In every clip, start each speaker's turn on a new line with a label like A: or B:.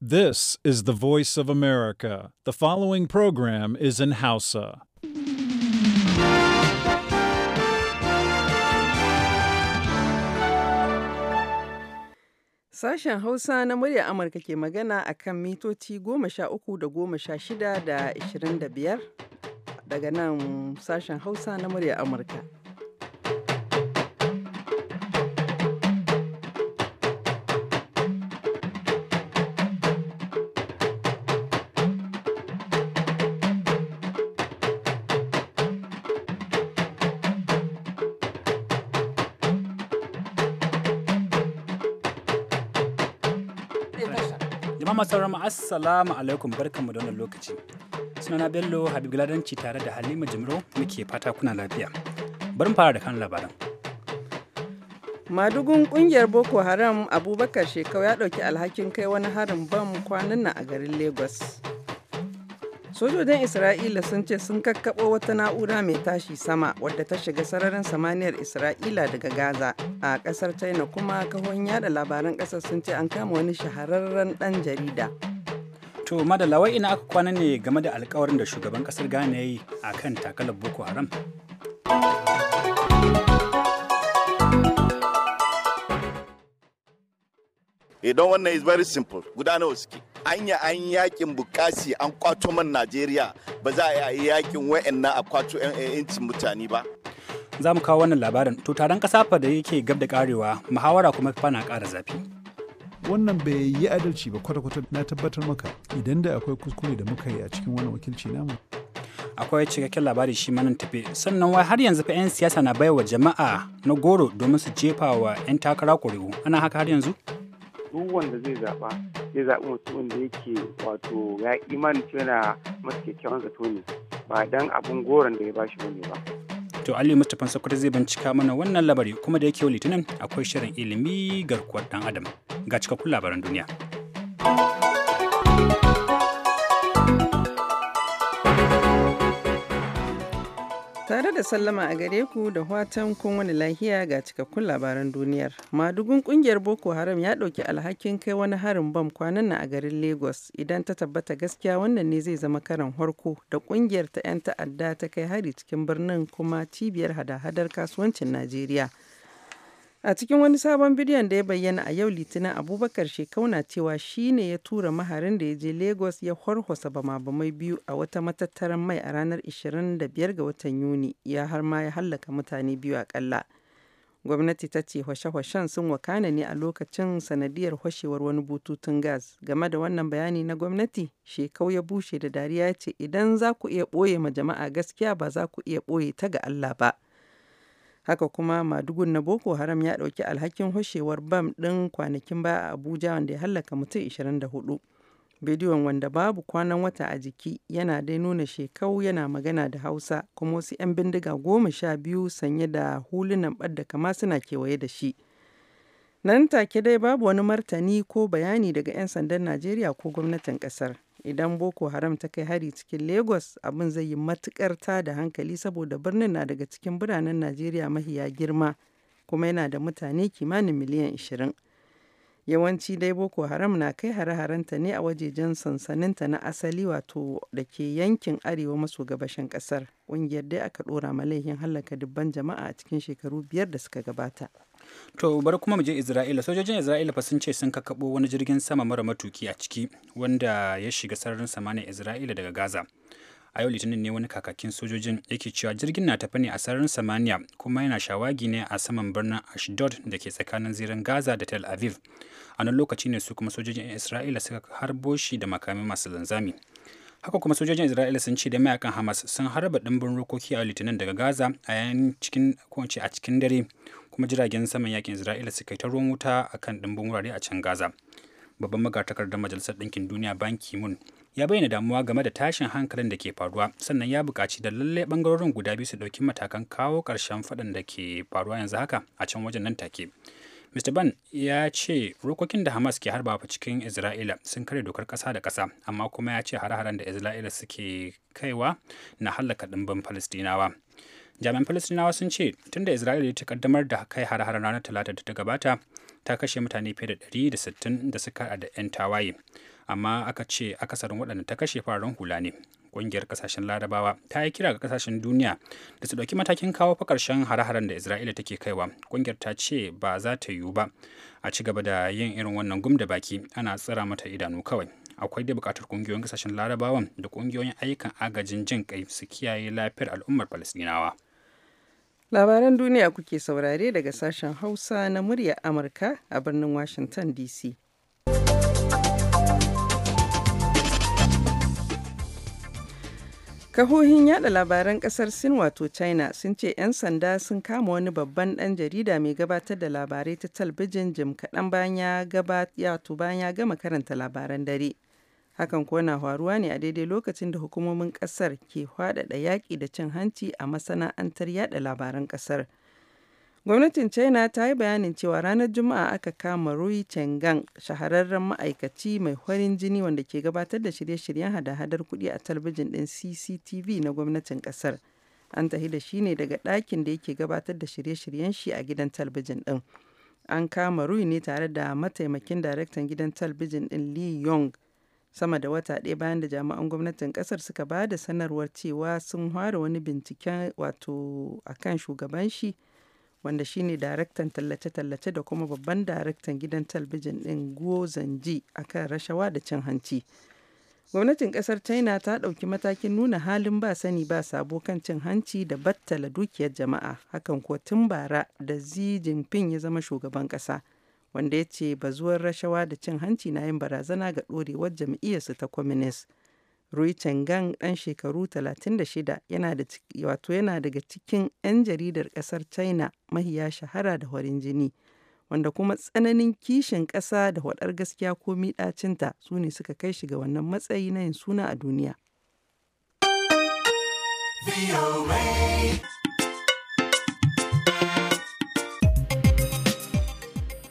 A: This is the voice of America. The following program is in Hausa.
B: Sashen Hausa na murya Amurka ke magana a kan mitoci goma sha uku da goma sha shida da ishirin da biyar daga nan sashen Hausa na murya Amurka.
C: masarar assalamu alaikum barkanmu da wannan lokaci. Sunana Bello Habib Ladanci tare da Halima Jimro muke fata kuna lafiya. Bari fara da kan labaran.
B: Madugun kungiyar Boko Haram Abubakar Shekau ya ɗauki alhakin kai wani harin bam kwanan nan a garin Lagos. Sojojin Isra'ila sun ce sun kakkaɓo wata na'ura mai tashi sama wadda ta shiga sararin samaniyar Isra'ila daga Gaza a ƙasar China kuma kahon yada labaran kasar sun ce an kama wani shahararren ɗan jarida.
C: To madalla wai ina aka kwana ne game da alkawarin da shugaban ƙasar Ghana yi a kan takalar Boko Haram.
D: Idan wannan is very simple, guda wasu suke. anya an yakin bukasi an kwato man najeriya ba za a yi yakin
C: na a kwato 'yancin mutane ba za mu kawo wannan labarin to taron kasa fa da yake gab da karewa muhawara kuma fa na ƙara zafi
A: wannan bai yi adalci ba kwata-kwata na tabbatar maka idan da akwai kuskure da muka yi a cikin wannan wakilci namu
C: akwai cikakken labari shi manan tafe sannan wai har yanzu fa 'yan siyasa na baiwa jama'a na goro domin su jefa wa 'yan takara kuri'u ana haka har yanzu
E: duk wanda zai zaɓa zai zaɓi mutumin da yake wato ya imani yana masu kyakkyawan zato ne ba dan abun
C: goron da ya bashi wani ba. To Ali Mustapha Sokoto zai bincika mana wannan labari kuma da yake litinin akwai shirin ilimi garkuwar dan Adam ga cikakkun labaran duniya.
B: da sallama a gare ku da watan kun wani lahiya ga cikakkun labaran duniyar. Madugun kungiyar Boko Haram ya ɗauki alhakin kai wani harin bam kwanan na a garin Lagos. Idan ta tabbata gaskiya wannan ne zai zama karan harko da kungiyar ta 'yan ta'adda ta kai hari cikin birnin kuma cibiyar hada-hadar kasuwancin Najeriya. A cikin wani sabon bidiyon da ya bayyana a yau Litinin Abubakar Shekau na cewa shi ne ya tura maharin da ya je Lagos ya horhosa bama-bamai biyu a wata matattaran mai a ranar 25 ga watan Yuni ya har ma ya hallaka mutane biyu a akalla. Gwamnati ta ce hwashe-hwashen sun wakana ne a lokacin sanadiyar hwashewar wani bututun gas. Game da wannan bayani na gwamnati, Shekau ya bushe da dariya ya ce idan za ku iya ɓoye ma jama'a gaskiya ba za ku iya ɓoye ta ga Allah ba. Haka kuma madugun na Boko Haram ya dauki alhakin hoshewar bam din kwanakin baya a Abuja wanda ya hallaka mutum 24. Bidiyon wanda babu kwanan wata a jiki yana dai nuna shekau yana magana da Hausa kuma wasu 'yan bindiga goma sha biyu sanye da hulunan ɓadda kama suna kewaye da shi. Nan take dai babu wani martani ko bayani daga 'yan sandan Najeriya ko gwamnatin ƙasar. idan boko haram ta kai hari cikin lagos abin zai yi matukar ta da hankali saboda birnin na daga cikin biranen najeriya mahiya girma kuma yana da mutane kimanin miliyan 20 Yawanci dai Boko Haram na kai hare-harenta ne a wajejen sansaninta na asali wato da ke yankin arewa maso gabashin kasar Ƙungiyar dai aka ɗora ma laifin hallaka dubban jama'a a cikin shekaru biyar da suka gabata.
C: To bari kuma mu je Isra'ila. Sojojin Isra'ila fa sun ce sun kakabo wani jirgin sama mara matuki a ciki wanda ya shiga sararin samanin Isra'ila daga Gaza. a yau litinin ne wani kakakin sojojin yake cewa jirgin na tafi ne a sararin samaniya kuma yana shawagi ne a saman birnin ashdod da ke tsakanin zirin gaza da tel aviv a nan lokaci ne su kuma sojojin isra'ila suka harbo shi da makamai masu linzami haka kuma sojojin isra'ila sun ce da mayakan hamas sun harba dimbin rokoki a litinin daga gaza a yayin cikin a cikin dare kuma jiragen saman yakin isra'ila suka yi ta ruwan wuta akan dimbin wurare a can gaza babban magatakardar majalisar ɗinkin duniya ban ki ya bayyana damuwa game da tashin hankalin da ke faruwa sannan ya buƙaci da lallai bangarorin guda biyu su ɗauki matakan kawo ƙarshen faɗan da ke faruwa yanzu haka a can wajen nan take mr ban ya ce rokokin da hamas ke harbawa cikin isra'ila sun karya dokar ƙasa da ƙasa amma kuma ya ce hare-haren da isra'ila suke kaiwa na hallaka ɗimbin falastinawa jami'an falastinawa sun ce tun da isra'ila ta kaddamar da kai har haren ranar talata da ta gabata ta kashe mutane fiye da 160 da suka da 'yan tawaye amma aka ce akasarin waɗanda ta kashe fararen hula ne ƙungiyar ƙasashen larabawa ta yi kira ga ƙasashen duniya da su ɗauki matakin kawo fa ƙarshen hare-haren da isra'ila take kaiwa ƙungiyar ta ce ba za ta yiwu ba a ci gaba da yin irin wannan gum da baki ana tsira mata idanu kawai akwai dai buƙatar ƙungiyoyin ƙasashen larabawan da ƙungiyoyin ayyukan agajin jin ƙai su kiyaye lafiyar al'ummar falasɗinawa
B: labaran duniya kuke saurare daga sashen hausa na murya amurka a birnin washington dc Kahohin yada labaran kasar Sin wato China sun ce 'yan sanda sun kama wani babban dan jarida mai gabatar da labarai ta talbijin jim kaɗan bayan ya gama karanta labaran dare. Hakan kuwa na faruwa ne a daidai lokacin da hukumomin kasar ke faɗaɗa yaƙi da cin hanci a masana'antar yada labaran kasar. Gwamnatin China ta yi bayanin cewa ranar Juma'a aka kama Rui Chenggang, shahararren ma'aikaci mai farin jini wanda ke gabatar da shirye-shiryen hada-hadar kuɗi a talabijin ɗin CCTV na gwamnatin ƙasar. An tahi da shi ne daga ɗakin da yake gabatar da shirye-shiryen shi a gidan talbijin ɗin. An kama Rui ne tare da mataimakin daraktan gidan talbijin ɗin li Yong sama da wata ɗaya bayan da jami'an gwamnatin ƙasar suka ba da sanarwar cewa sun ware wani binciken wato akan shugaban shi. wanda shine daraktan tallace-tallace da kuma babban daraktan gidan talbijin ɗin Guo Zanji akan rashawa da cin hanci. Gwamnatin ƙasar China ta ɗauki matakin nuna halin ba sani ba sabo kan cin hanci da battala dukiyar jama'a, hakan ko tun bara da Xi Jinping ya zama shugaban ƙasa, wanda ya ce bazuwar rashawa da cin hanci na yin barazana ga ɗorewar jam'iyyarsu ta Communist. Roy Chang'ang ɗan shekaru 36 yana da wato yana daga cikin 'yan jaridar ƙasar China mahiya shahara da horin jini, wanda kuma tsananin kishin ƙasa da waɗar gaskiya ko ɗacinta su ne suka kai shi ga wannan matsayi na yin suna a duniya.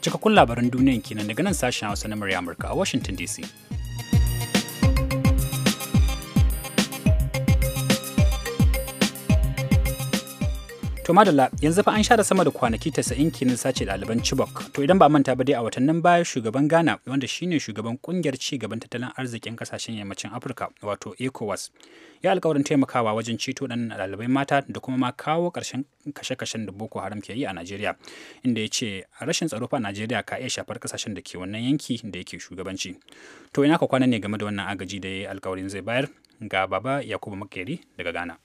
C: Cikakkun labaran duniyan kenan daga nan sashen Hausa na murya Amurka a Washington DC. To madalla yanzu fa an sha da sama da kwanaki 90 kinin sace ɗaliban Chibok. To idan ba manta ba dai a watannin baya shugaban Ghana wanda shine shugaban kungiyar ci gaban tattalin arzikin kasashen yammacin Afirka wato ECOWAS ya alkawarin taimakawa wajen ceto ɗan ɗalibai mata da kuma ma kawo ƙarshen kashe-kashen da Boko Haram ke yi a Najeriya inda ya ce rashin tsaro a Najeriya ka iya shafar kasashen da ke wannan yanki da yake shugabanci. To ina ka kwana ne game da wannan agaji da ya alkawarin zai bayar ga Baba Yakubu Makeri daga Ghana.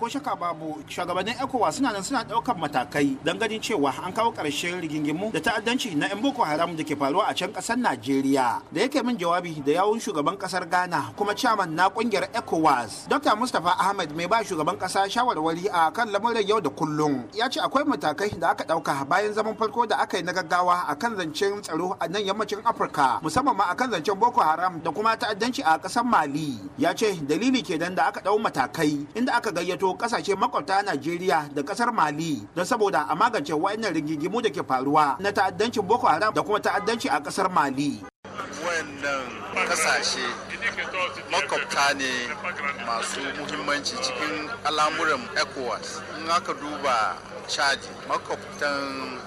F: ko shaka babu shugabannin ecowas suna nan suna ɗaukar matakai don ganin cewa an kawo karshen rigingimu da ta'addanci na 'yan boko haram da ke faruwa a can kasar najeriya da yake min jawabi da yawun shugaban ƙasar ghana kuma chairman na kungiyar ecowas dr mustapha ahmed mai ba shugaban ƙasa shawarwari a kan lamuran yau da kullum ya ce akwai matakai da aka ɗauka bayan zaman farko da aka yi na gaggawa a kan zancen tsaro a nan yammacin afirka musamman ma a kan zancen boko haram da kuma ta'addanci a ƙasar mali ya ce dalili kenan da aka ɗau matakai inda aka gayyato kasashe makwabta Najeriya da kasar Mali don saboda a magance wa'annan rigingimu da ke faruwa na ta'addancin Boko Haram da kuma ta'addanci a kasar Mali.
G: Wannan kasashe makwabta ne masu muhimmanci cikin al'amuran ECOWAS. In aka duba Chadi makwabtan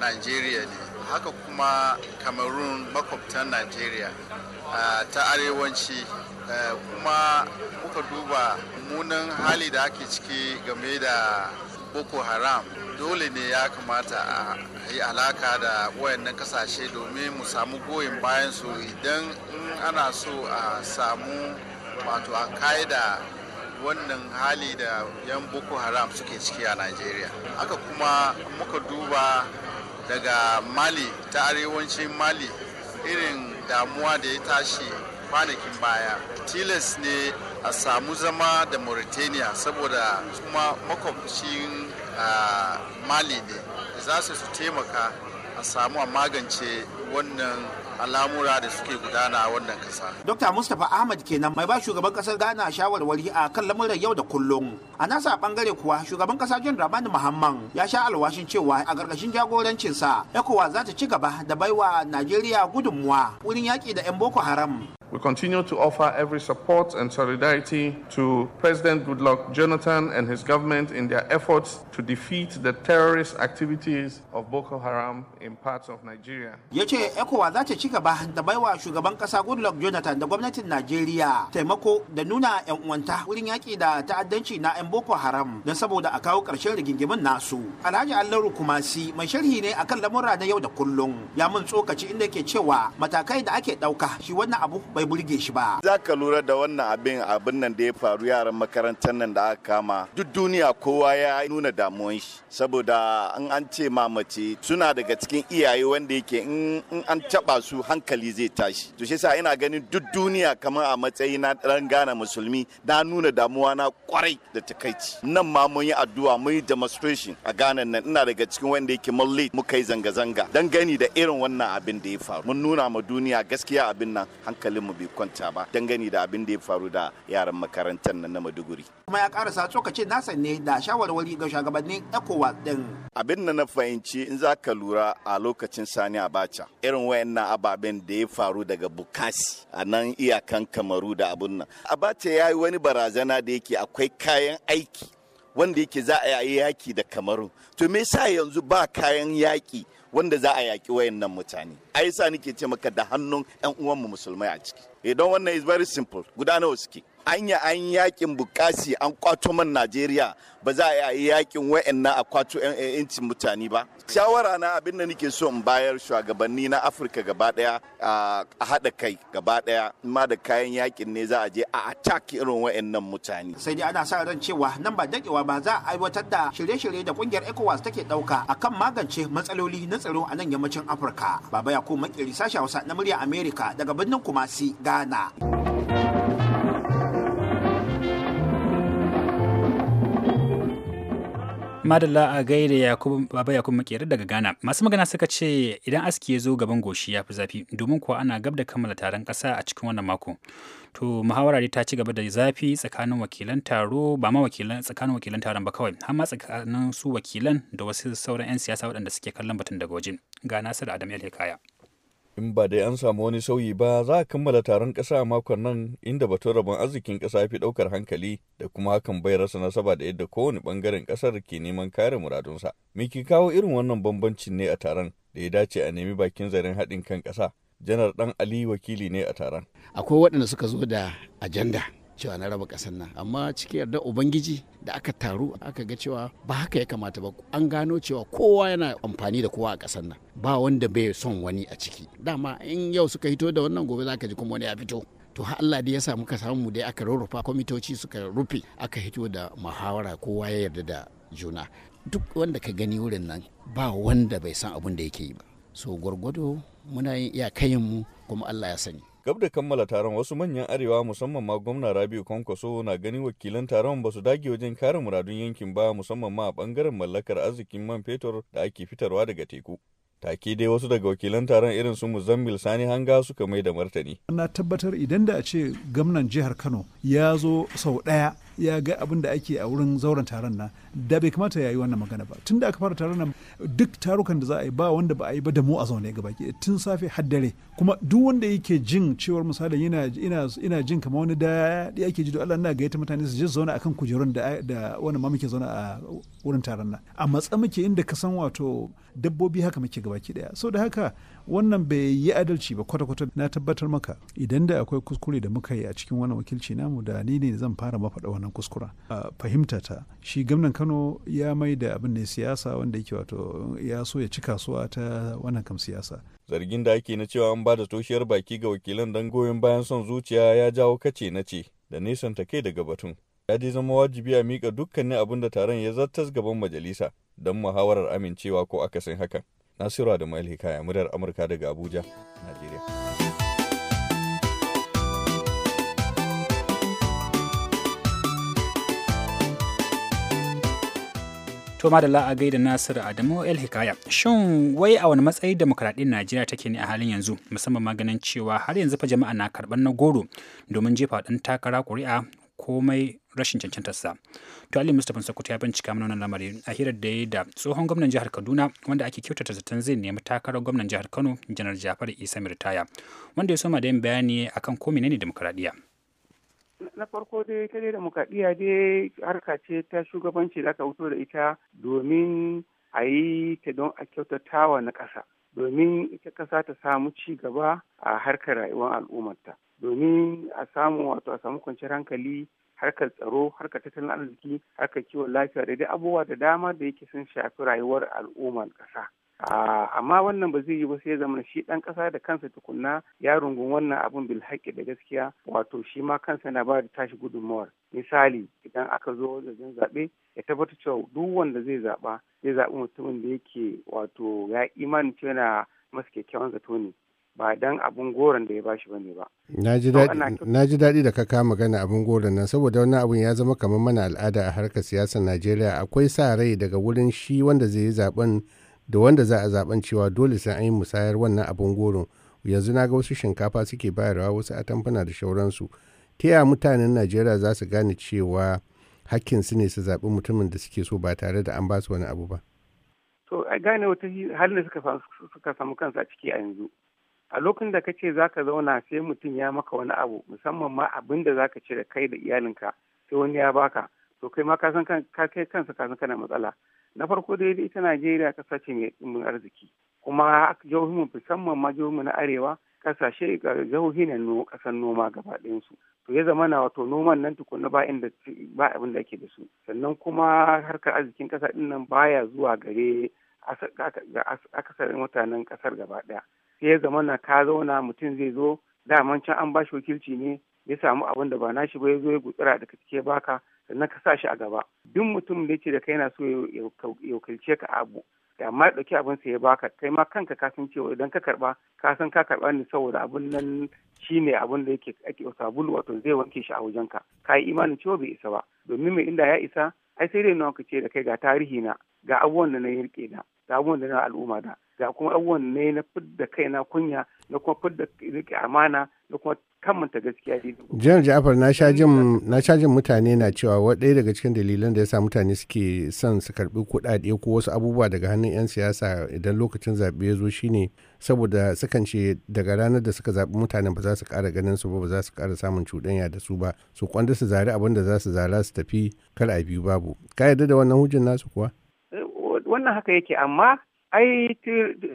G: Najeriya ne, haka kuma Cameroon makwabtan Najeriya ta arewanci kuma muka duba mummunan hali da ake ciki game da boko haram dole ne ya kamata a yi alaka da wayannan kasashe domin mu samu goyon bayan su idan in ana so a samu wato a da wannan hali da yan boko haram suke ciki a nigeria haka kuma muka duba daga mali ta arewacin mali irin damuwa da ya tashi kwanakin baya tilas ne a samu zama da mauritania saboda kuma makwabcin ah, mali ne za su su taimaka a samu a magance wannan al'amura da suke gudana a wannan kasa.
F: Dokta Mustapha Ahmad kenan mai ba shugaban kasar Ghana shawarwari a kan lamuran yau da kullum. A nasa bangare kuwa shugaban kasa John Dramani Mahamman ya sha alwashin cewa a ƙarƙashin jagorancinsa ECOWAS za ta ci gaba da baiwa Najeriya gudunmuwa wurin yaƙi da 'yan Boko Haram.
G: We continue to offer every support and solidarity to President Goodluck Jonathan
F: and his government in their efforts to defeat the terrorist activities of Boko Haram in parts of Nigeria. Ya ce ECOWA za ta ci da baiwa shugaban kasa Goodluck Jonathan da gwamnatin Najeriya taimako da nuna 'yan uwanta wurin yaki da ta'addanci na 'yan Boko Haram don saboda a kawo karshen rigingimin nasu. Alhaji Allaru Kumasi mai sharhi ne akan lamura na yau da kullum ya mun tsokaci inda ke cewa matakai da ake ɗauka shi wannan abu bai burge shi
D: ba za ka lura da wannan abin abin nan da ya faru yaran makarantar nan da aka kama duk duniya kowa ya nuna damuwan shi saboda in an ce ma suna daga cikin iyaye wanda yake in an taba su hankali zai tashi to shi sa ina ganin duk duniya kamar a matsayi na ran gana musulmi na nuna damuwa na kwarai da takaici nan ma mun yi addu'a mun yi demonstration a Ghana nan ina daga cikin wanda yake mulli muka yi zanga-zanga dan gani da irin wannan abin da ya faru mun nuna ma duniya gaskiya abin nan hankalin mu bai kwanta ba dangane da abin da ya faru da yaran makarantar nan na Maduguri.
F: Kuma ya karasa tsokace
D: nasa ne da shawarwari ga shugabannin ECOWAS din. Abin da na fahimci in za ka lura a lokacin Sani Abacha irin wayannan ababen da ya faru daga Bukasi a nan iyakan Kamaru da abun nan. Abacha ya yi wani barazana da yake akwai kayan aiki wanda yake za a yi yaki da Kamaru. To me sa yanzu ba kayan yaki wanda za a yaƙi wayannan mutane a yasa nake ce maka da hannun 'yan uwanmu musulmai a ciki idan wannan is very simple guda nawa suke anya an yakin bukasi an kwato man najeriya ba za a yi yakin na a kwato 'yan incin mutane ba shawara na abin da nake so in bayar shugabanni na afirka gaba daya a haɗa kai gaba daya ma da kayan yakin ne za a je a attack irin nan mutane sai dai ana sa ran cewa nan ba
F: dakewa ba za a aiwatar da shirye-shirye da kungiyar ecowas take dauka akan magance matsaloli na tsaro a nan yammacin afirka baba yakubu makiri sashen hausa na murya america daga birnin kumasi ghana
C: madalla a gaida yakubu baba yakubu makera daga ghana masu magana suka ce idan aski ya zo gaban goshi ya fi zafi domin kuwa ana gab da kammala taron kasa a cikin wannan mako to muhawara ta ci gaba da zafi tsakanin wakilan taro ba ma wakilan tsakanin wakilan taron ba kawai har ma tsakanin su wakilan da wasu sauran 'yan siyasa waɗanda suke kallon batun daga waje ga nasiru adam el hikaya
H: in ba dai an samu wani sauyi ba za a kammala taron ƙasa a makon nan inda batun rabon arzikin ƙasa fi ɗaukar hankali da kuma hakan bai rasa nasaba da yadda kowane ɓangaren ƙasar ke neman kare muradunsa. Me ke kawo irin wannan bambancin ne a taron da ya dace a nemi bakin zaren haɗin kan ƙasa? Janar ɗan Ali wakili ne a taron. Akwai waɗanda suka zo da ajanda cewa na raba ƙasar nan amma cikin yarda ubangiji da aka
F: taru aka ga cewa ba haka ya kamata ba an gano cewa kowa yana amfani da kowa a ƙasar nan ba wanda bai son wani a ciki dama in yau suka hito da wannan gobe za ka ji kuma wani ya fito to har Allah da ya sa muka samu dai aka rurrufa kwamitoci suka rufe aka hito da muhawara kowa ya yarda da juna duk wanda ka gani wurin nan ba wanda bai san abin da yake yi ba so gwargwado muna yin iyakayin mu kuma Allah ya sani
H: Gab da kammala taron wasu manyan arewa musamman ma gwamna Rabiu Kwankwaso na ganin wakilan taron ba su dage wajen kare muradun yankin ba musamman ma a bangaren mallakar arzikin man fetur da ake fitarwa daga teku. Take dai wasu daga wakilan taron irin su Muzammil Sani Hanga suka mai da martani.
A: Na tabbatar idan da a ce gwamnan jihar Kano ya zo sau ɗaya ya ga abin da ake a wurin zauren taron nan da bai kamata ya yi wannan magana ba tun da aka fara taron nan duk tarukan da za a yi ba wanda ba a yi ba da mu a zaune gaba ki tun safe har dare kuma duk wanda yake jin cewar misalin yana ina ina jin kamar wani da yake ji da Allah na gayyata mutane su je zauna akan kujerun da da wannan ma muke zauna a wurin taron nan a matsa muke inda ka san wato dabbobi haka muke gaba ki daya so da haka wannan bai yi adalci ba kwata-kwata na tabbatar maka idan da akwai kuskure da muka yi a cikin wannan wakilci namu da ni ne zan fara mafaɗa wannan kuskura a fahimta ta shi gwamnan kano ya mai da abin ne siyasa wanda yake wato ya so ya ci kasuwa ta wannan kam siyasa
H: zargin da ake na cewa an ba da toshiyar baki ga wakilan dan goyon bayan son zuciya ya jawo kace na ce da nisan ta kai daga batun ya dai zama wajibi a mika dukkanin abin da taron ya zartas gaban majalisa don muhawarar amincewa ko akasin hakan Nasiru Adamu Alhikaya, muryar Amurka daga Abuja, Najeriya.
C: To madalla a gaida Nasiru Adamu El Hikaya. Shin wai a wani matsayi demokradiyyar Najeriya take ne a halin yanzu musamman maganin cewa har yanzu fa jama'a na karɓar na goro domin jefa ɗan takara ƙuri'a komai rashin cancantarsa to ali mustapha sokoto ya bincika mana wannan lamari a hirar da ya da tsohon gwamnan jihar kaduna wanda ake kyautata zaton zai nemi takarar gwamnan jihar kano janar jafar isa mirtaya wanda ya soma da yin bayani akan ko menene demokradiya.
E: na farko dai ta dai demokradiya dai harka ce ta shugabanci da aka wuto da ita domin a yi ta don a kyautatawa na ƙasa domin ita ƙasa ta samu ci gaba a harkar rayuwar al'ummarta domin a samu wato a samu kwanciyar hankali harkar tsaro harkar tattalin arziki harkar kiwon lafiya da dai abubuwa da dama da yake sun shafi rayuwar al'ummar ƙasa. amma wannan ba zai yi ba sai ya zama shi ɗan ƙasa da kansa tukunna ya rungun wannan abin bil haƙƙi da gaskiya wato shi ma kansa na ba da tashi gudunmawar misali idan aka zo wajen zaɓe ya tabbatar cewa duk wanda zai zaɓa zai zaɓi mutumin da yake wato ya imanin cewa yana masa kyakkyawan zato ne ba dan abun goron da ya bashi bane ba
I: na ji daɗi da ka kama gani abun goron nan saboda wannan abun ya zama kamar mana al'ada a harkar siyasar najeriya akwai sa rai daga wurin shi wanda zai yi zaben da wanda za a zaben cewa dole sai an yi musayar wannan abun goron yanzu na ga wasu shinkafa suke bayarwa wasu atamfana da shauransu ta yaya mutanen najeriya za su gane cewa hakkin su ne su zaɓi mutumin da suke so ba tare da an ba su wani abu ba.
E: to a gane wata halin da suka samu kansu a ciki a yanzu a lokacin da kace zaka zauna sai mutum ya maka wani abu musamman ma abin da zaka ci da kai da iyalinka sai wani ya baka to kai ma ka san kai kansa ka san kana matsala na farko dai ita Najeriya kasa ce mai dimbin arziki kuma jihohin musamman ma jihohin na arewa kasashe jihohi ne no kasan noma gaba su to ya zama na wato noman nan tukuna ba inda ba abin da ake da su sannan kuma harkar arzikin kasa din nan baya zuwa gare akasarin mutanen kasar gaba daya sai ya zama na ka zauna mutum zai zo daman can an bashi wakilci ne ya samu abin da ba nashi ba ya zo ya gutsira da cike baka sannan ka sa shi a gaba duk mutum da yake da kai yana so ya wakilce ka abu da amma ɗauki abin sa ya baka kai ma kanka ka san cewa idan ka karba ka san ka karba ne saboda abin nan shine abin da yake ake sabulu wato zai wanke shi a wajen ka ka yi imanin cewa bai isa ba domin mai inda ya isa ai sai dai nawa ka ce da kai ga tarihi na ga abubuwan da na yi rike na da abubuwan da na al'umma da ga kuma abubuwan ne na fidda na kunya na kuma fidda riƙe amana na kuma kammanta gaskiya
I: ne. Janar jafar na sha jin mutane na cewa waɗaya daga cikin dalilan da ya sa mutane suke son su karɓi kuɗaɗe ko wasu abubuwa daga hannun 'yan siyasa idan lokacin zaɓe ya zo shine saboda sukan ce daga ranar da suka zaɓi mutanen ba za su ƙara ganin su ba ba za su ƙara samun cuɗanya da su ba su kwanda su zari abin da za su zara su tafi kar a biyu babu ka yarda da wannan hujjar nasu kuwa.
E: wannan haka yake amma ai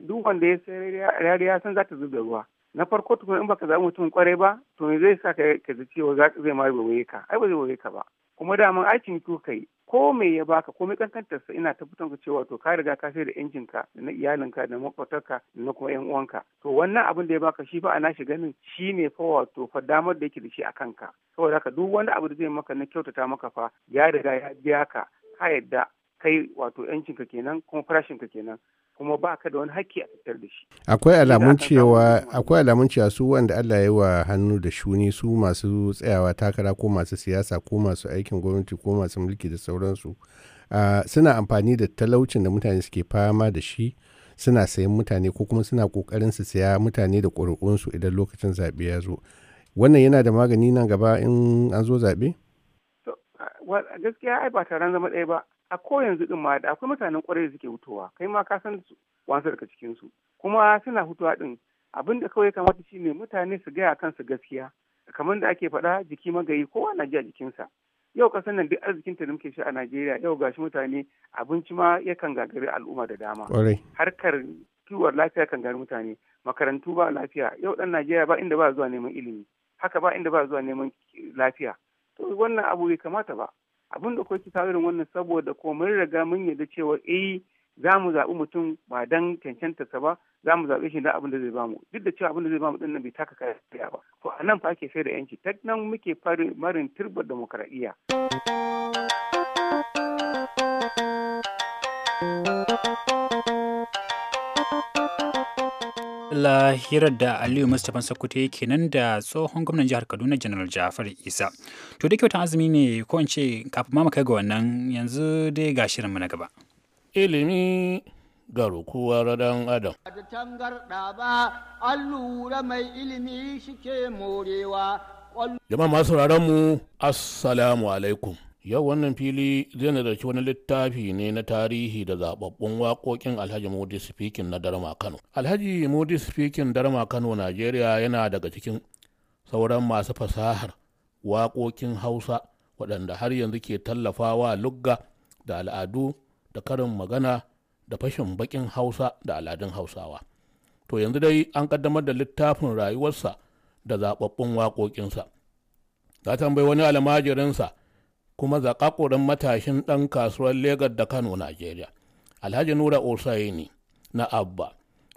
E: duk wanda ya sai ya san za ta zuba da ruwa na farko tukun in baka zaɓi mutum kwarai ba to me zai sa ka ka ji cewa zai ma gobe ka ai ba zai gobe ka ba kuma da mun aikin ku kai ko me ya baka ko me kankantarsa ina tabbatar ka cewa to ka riga ka sai da injinka da na iyalinka da makwatarka da na kuma yan uwanka to wannan abin da ya baka shi fa ana shi ganin shi ne fa wato fa damar da yake da shi a kanka saboda haka duk wani abu da zai maka na kyautata maka fa ya riga ya biya ka ka yadda kai wato yancinka kenan kuma farashinka kenan kuma ba ka da wani haƙƙi a fitar da shi.
I: Akwai alamun cewa su wanda Allah ya yi wa hannu da shuni su masu tsayawa takara ko masu siyasa ko masu aikin gwamnati ko masu mulki da sauransu suna amfani da talaucin da mutane suke fama da shi suna sayan mutane ko kuma suna kokarin su saya mutane da ƙuri'unsu idan lokacin zaɓe ya zo. Wannan yana da magani nan gaba in an zo zaɓe?
E: Gaskiya ai ba taron zama ɗaya ba a ko yanzu din ma da akwai mutanen kwarai da suke hutowa kai ma ka san wasu daga cikin su kuma suna hutuwa din abin da kawai kamata ne, mutane su gaya kansu gaskiya kamar da ake faɗa jiki magayi kowa na ji a jikinsa yau kasan nan duk arzikin ta muke shi a Najeriya yau gashi mutane abinci ma yakan gagari al'umma da dama harkar kiwon lafiya kan gari mutane makarantu ba lafiya yau dan Najeriya ba inda ba zuwa neman ilimi haka ba inda ba zuwa neman lafiya to wannan abu bai kamata ba abin da kuke kawo irin wannan saboda ko mun riga mun yarda cewa eh za mu zaɓi mutum ba dan cancanta sa ba za mu zaɓi shi da abin da zai bamu duk da cewa abin da zai bamu ɗin nan bai taka kariya ba to a nan fa ake sai da yanci ta nan muke fari marin turbar demokaradiyya.
C: lahirar da aliyu mustapha sokoto yake nan da tsohon gwamnan jihar kaduna general jafar isa to da kyautan azumi ne ko in ce kafin ma ga wannan yanzu dai ga shirinmu na gaba ilimi
J: ga rukuwa dan adam
G: da tangarda ba allura mai ilimi shike morewa
J: jama'a masu mu assalamu alaikum yau wannan fili zai nazarci wani littafi ne na tarihi da zababbun waƙoƙin alhaji modi speaking na darma kano alhaji modi speaking darma kano najeriya yana daga cikin sauran masu fasahar waƙoƙin hausa waɗanda har yanzu ke tallafawa lugga da al'adu da karin magana da fashin baƙin hausa da al'adun hausawa to yanzu dai an ƙaddamar da littafin rayuwarsa da zababbun waƙoƙinsa ta tambayi wani almajirinsa kuma zakakurin matashin ɗan kasuwar Legas da Kano, Najeriya, Alhaji Nura Osaini na Abba.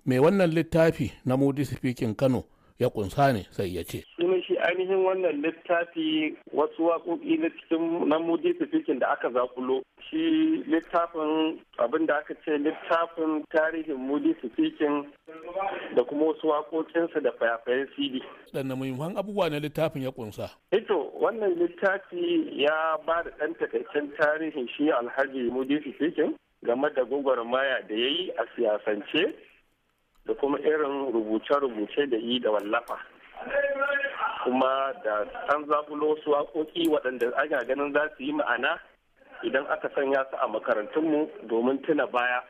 J: Mai wannan littafi na Modi Speaking Kano ya kunsa ne sai ya ce.
K: ainihin wannan littafi wasu waƙoƙi na cikin na mudi fifikin da aka zakulo shi littafin abin da aka ce littafin tarihin mudi fifikin da kuma wasu waƙoƙinsa da fayafayen cd
J: na muhimman abubuwa na littafin ya ƙunsa
K: ito wannan littafi ya ba da ɗan takaicen tarihin shi alhaji mudi fifikin game da gwagwarmaya da ya yi a siyasance da kuma irin rubuce-rubuce da yi da wallafa kuma da an zabulo su waƙoƙi waɗanda ana ganin za su yi ma'ana idan aka sanya su a makarantunmu domin tuna baya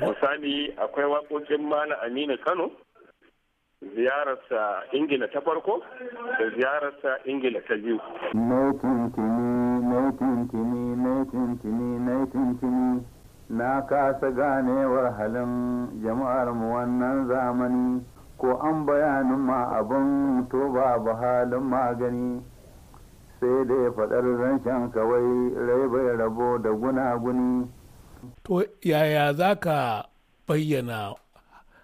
K: misali akwai waƙoƙin mana aminu kano ziyararsa ingila ta farko da ziyararsa ingila ta biyu
H: na
G: na na kasa ganewar halin jama'ar mu wannan zamani ko an bayanin ma abin to ba halin magani sai da ya faɗar zancen kawai rai bai rabo da gunaguni to
J: yaya za ka bayyana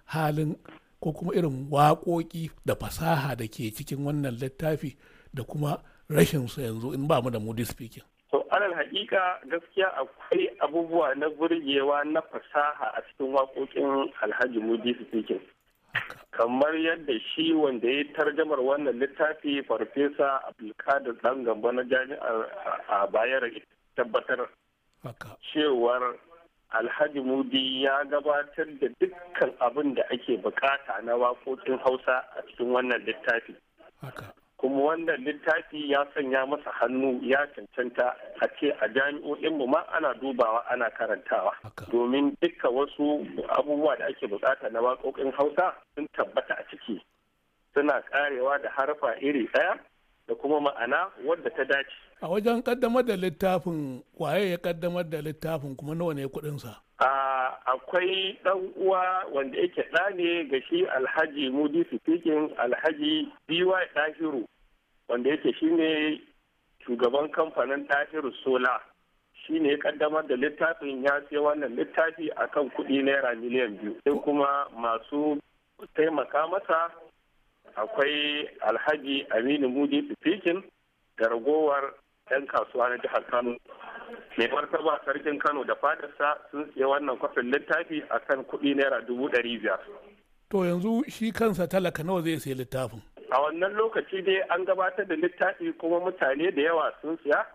J: halin ko kuma irin waƙoƙi da fasaha da ke cikin wannan littafi da kuma rashin su yanzu in ba mu da moody speaking
K: to alal haƙiƙa gaskiya akwai abubuwa na burgewa na fasaha a cikin waƙoƙin alhaji moody speaking kamar yadda shi wanda ya tarjamar wannan littafi farfesa abdulkadir dan gamba na jami'ar a bayar tabbatar cewar alhaji mudi ya gabatar da dukkan abin da ake bukata na waƙoƙin hausa a cikin wannan littafi kuma wannan littafi ya sanya masa hannu ya cancanta a ce a jami'o'inmu ma ana dubawa ana karantawa domin dukka wasu abubuwa da ake bukata na waƙoƙin hausa sun tabbata a ciki suna karewa da harfa iri ɗaya da kuma ma'ana wadda ta dace
J: a wajen kaddamar da littafin waye ya kaddamar da littafin kuma nawa ne kuɗinsa
K: akwai ɗan uwa wanda yake ɗa ne ga shi alhaji mudi speaking alhaji biwa Dahiru, wanda yake shi ne shugaban kamfanin Dahiru sola shi ne ya kaddamar da littafin ya ce wannan littafi a kan kuɗi naira miliyan biyu sai kuma masu taimaka masa akwai alhaji aminu mudi sifikin da ragowar 'yan kasuwa na jihar kano mai martaba sarkin kano da fadarsa sun siya wannan kwafin littafi a kan kuɗi naira dubu ɗari biyar
J: to yanzu shi kansa talaka nawa zai sayi littafin
K: a wannan lokaci dai an gabatar da littafi kuma mutane da yawa sun siya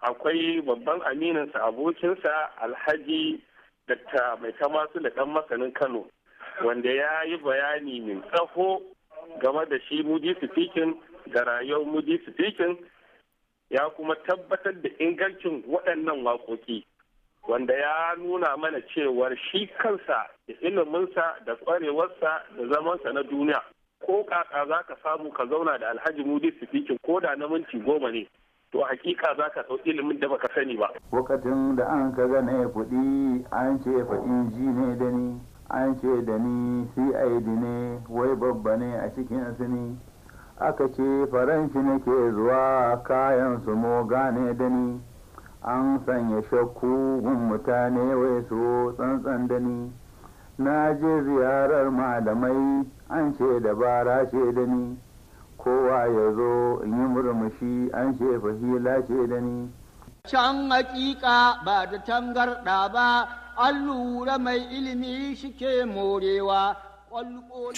K: akwai babban amininsa abokinsa alhaji dakta mai tamasu da ɗan masanin kano wanda ya yi bayani min tsaho game da shi mudi da rayuwar mudi speaking ya kuma tabbatar da ingancin waɗannan waƙoƙi wanda ya nuna mana cewar shi kansa da iliminsa da ƙwarewarsa da zamansa na duniya ko ƙaƙa za ka samu ka zauna da alhaji mudi sifikin ko da na minti goma ne to hakika za ka sau ilimin da baka sani ba.
G: lokacin da an ka gane kuɗi an ce faɗin ji ne da ni an ce da ni cid ne wai babba ne a cikin asini aka ce faranshi nake zuwa kayan su mo gane da ni an sanya shakku mutane wai su tsantsan da ni na je ziyarar malamai an ce dabara ce da ni kowa ya zo in yi murmushi an ce fahila ce da ni
D: can
K: hakika ba da tangarɗa ba an lura mai ilimi shike
C: morewa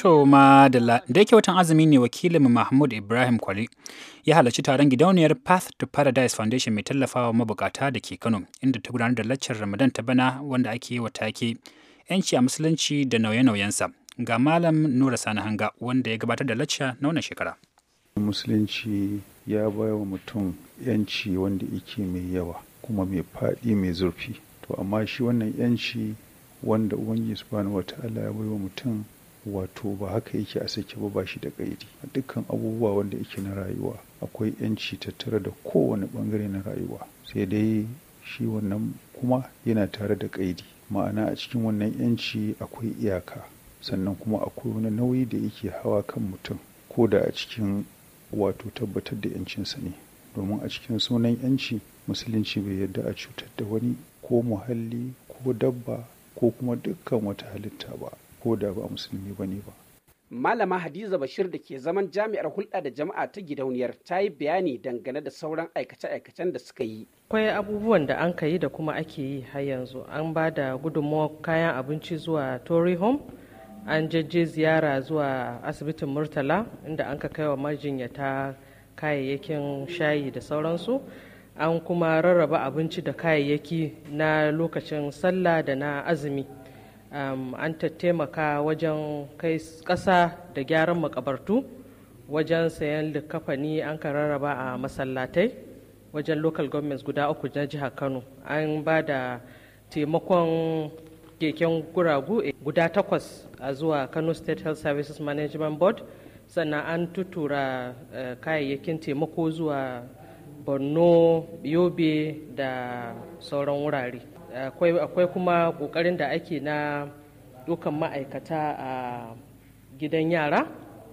C: To ma da ke watan azumi ne wakilin Mahmud Ibrahim Kwale ya halarci taron gidauniyar Path to Paradise Foundation mai tallafawa mabukata da ke Kano inda ta gudanar da laccar Ramadan ta bana wanda ake yi wa take yanci a musulunci da nauye-nauyensa ga Malam Nura Sani Hanga wanda ya gabatar da lacca na wannan shekara.
A: Musulunci ya bai wa mutum yanci wanda yake mai yawa kuma mai faɗi mai zurfi. To amma shi wannan yanci wanda Ubangiji Subhanahu wa ta'ala ya bai wa mutum wato ba haka yake a sake ba ba shi da ƙaidi a dukkan abubuwa wanda yake na rayuwa akwai yanci tattare da kowane bangare na rayuwa sai dai shi wannan kuma yana tare da ƙaidi ma'ana a cikin wannan yanci akwai iyaka sannan kuma akwai wani nauyi da yake hawa kan mutum ko da a cikin wato tabbatar da yancinsa ne domin a cikin sunan yanci musulunci bai yarda a cutar da wani ko muhalli ko dabba ko kuma dukkan wata halitta ba
L: ko da ba musulmi ba ne ba.
F: Malama Hadiza Bashir da ke zaman jami'ar hulɗa da jama'a ta gidauniyar ta yi bayani dangane da sauran aikace-aikacen da suka yi.
L: Akwai abubuwan da an yi da kuma ake yi har yanzu. An ba da gudunmawar kayan abinci zuwa Tory Home, an jajje ziyara zuwa asibitin Murtala inda an ka kai wa majinyata kayayyakin shayi da sauransu. An kuma rarraba abinci da kayayyaki na lokacin sallah da na azumi. um, an taimaka wajen kai ƙasa da gyaran makabartu wajen sayan likafani an ka rarraba a masallatai wajen local governments guda uku na jihar kano an ba da taimakon keken guragu e guda takwas a zuwa kano state health services management board sannan an tutura uh, e, kayayyakin taimako zuwa borno yobe da sauran wurare akwai kuma kokarin da ake na dukan ma'aikata a gidan yara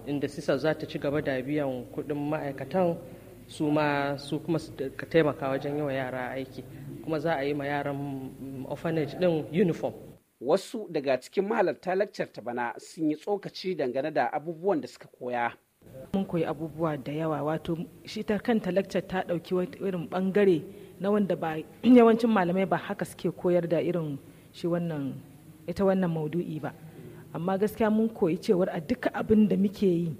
L: inda sisa za ta ci gaba da biyan kuɗin ma'aikatan su ma su kuma su taimaka wajen yi wa yara aiki kuma za a yi ma yaran orphanage ɗin uniform wasu daga cikin mahalarta lakcar ta bana sun yi tsokaci dangane da abubuwan da suka koya mun koyi abubuwa da yawa wato shi ta kanta lakcar ta ɗauki irin bangare na wanda ba yawancin malamai ba haka suke koyar da irin shi wannan ita wannan maudu'i ba amma gaskiya mun koyi cewar a duka abin da muke yi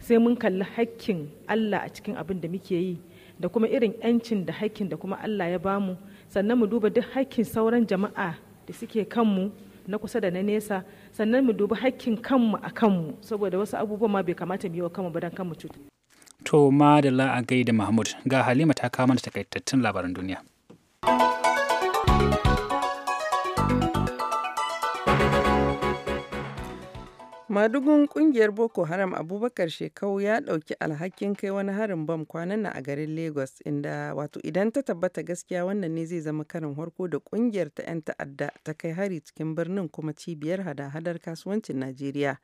L: sai mun kalli hakkin Allah a cikin abin da muke yi da kuma irin 'yancin da hakkin da kuma Allah ya bamu sannan mu duba duk hakkin sauran jama'a da suke kanmu na kusa da na nesa sannan mu duba hakkin kanmu a kanmu saboda wasu abubuwa ma bai kamata mu yi wa kanmu ba don kanmu cuta.
C: To da a gaida Mahmud ga Halima ta kama da takaitattun labaran duniya.
B: madugun kungiyar boko haram abubakar shekau ya dauki alhakin kai wani harin bam kwanan na a garin lagos inda wato idan ta tabbata gaskiya wannan ne zai zama karin harko da kungiyar ta 'yan ta'adda ta kai hari cikin birnin kuma cibiyar hada-hadar kasuwancin najeriya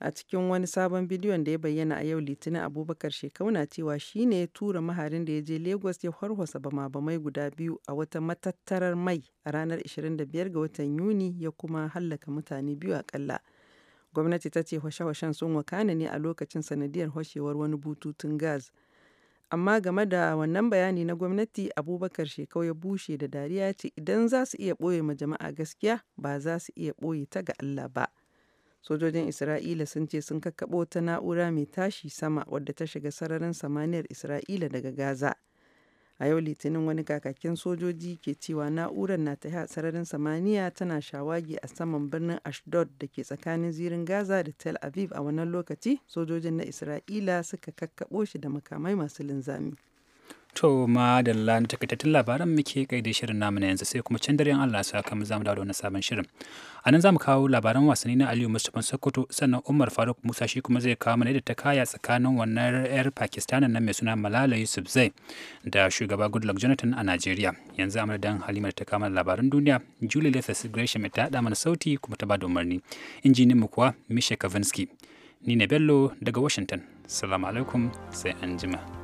B: A cikin wani sabon bidiyon da ya bayyana a yau Litinin, Abubakar Shekau na cewa shi ne ya tura maharin da ya je Lagos ya harhasa bamabamai guda biyu a wata matattarar mai a ranar 25 ga watan Yuni ya kuma hallaka mutane biyu akalla. Gwamnati ta ce hwashe-hwashen sun wakana ne a lokacin sanadiyar hwashewar wani bututun gas. amma game da wannan bayani na gwamnati abubakar shekau ya bushe da dariya ce idan za su iya ɓoye ma jama'a gaskiya ba za su iya ɓoye ta ga Allah ba. Sojojin Isra'ila sun ce sun kakkaɓo wata na'ura mai tashi sama wadda ta shiga sararin samaniyar Isra'ila daga Gaza. A yau Litinin wani kakakin sojoji ke cewa na'urar na ta sararin samaniya tana shawagi a saman birnin Ashdod da ke tsakanin zirin Gaza da Tel Aviv a wannan lokaci sojojin na Isra'ila suka kakkaɓo shi da makamai masu linzami.
C: To da na takaitattun labaran muke kai da shirin namu na yanzu sai kuma can daren Allah sa mu zamu dawo da wani sabon shirin. A nan zamu kawo labaran wasanni na Aliyu Mustapha Sokoto sannan Umar Faruk Musa shi kuma zai kawo mana da ta kaya tsakanin wannan yar Pakistanin nan mai suna Malala yusuf zai da shugaba Goodluck Jonathan a Najeriya. Yanzu a dan Halima ta kawo labaran duniya, Julie Lethes Gresham ta haɗa mana sauti kuma ta ba bada umarni. Injinin mu kuwa Misha Kavinsky. Ni ne Bello daga Washington. Salamu alaikum sai anjima.